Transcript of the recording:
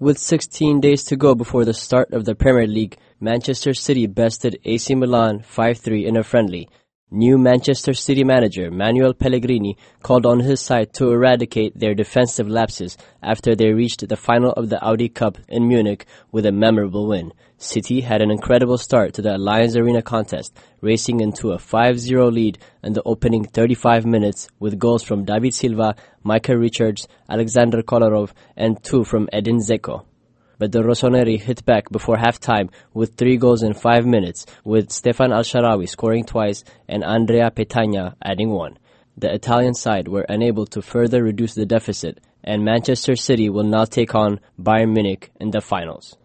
With 16 days to go before the start of the Premier League, Manchester City bested AC Milan 5-3 in a friendly, New Manchester City manager Manuel Pellegrini called on his side to eradicate their defensive lapses after they reached the final of the Audi Cup in Munich with a memorable win. City had an incredible start to the Allianz Arena contest, racing into a 5-0 lead in the opening 35 minutes with goals from David Silva, Michael Richards, Alexander Kolarov, and two from Edin Zeko but the Rossoneri hit back before halftime with three goals in five minutes, with Stefan Al-Sharawi scoring twice and Andrea Petagna adding one. The Italian side were unable to further reduce the deficit, and Manchester City will now take on Bayern Munich in the finals.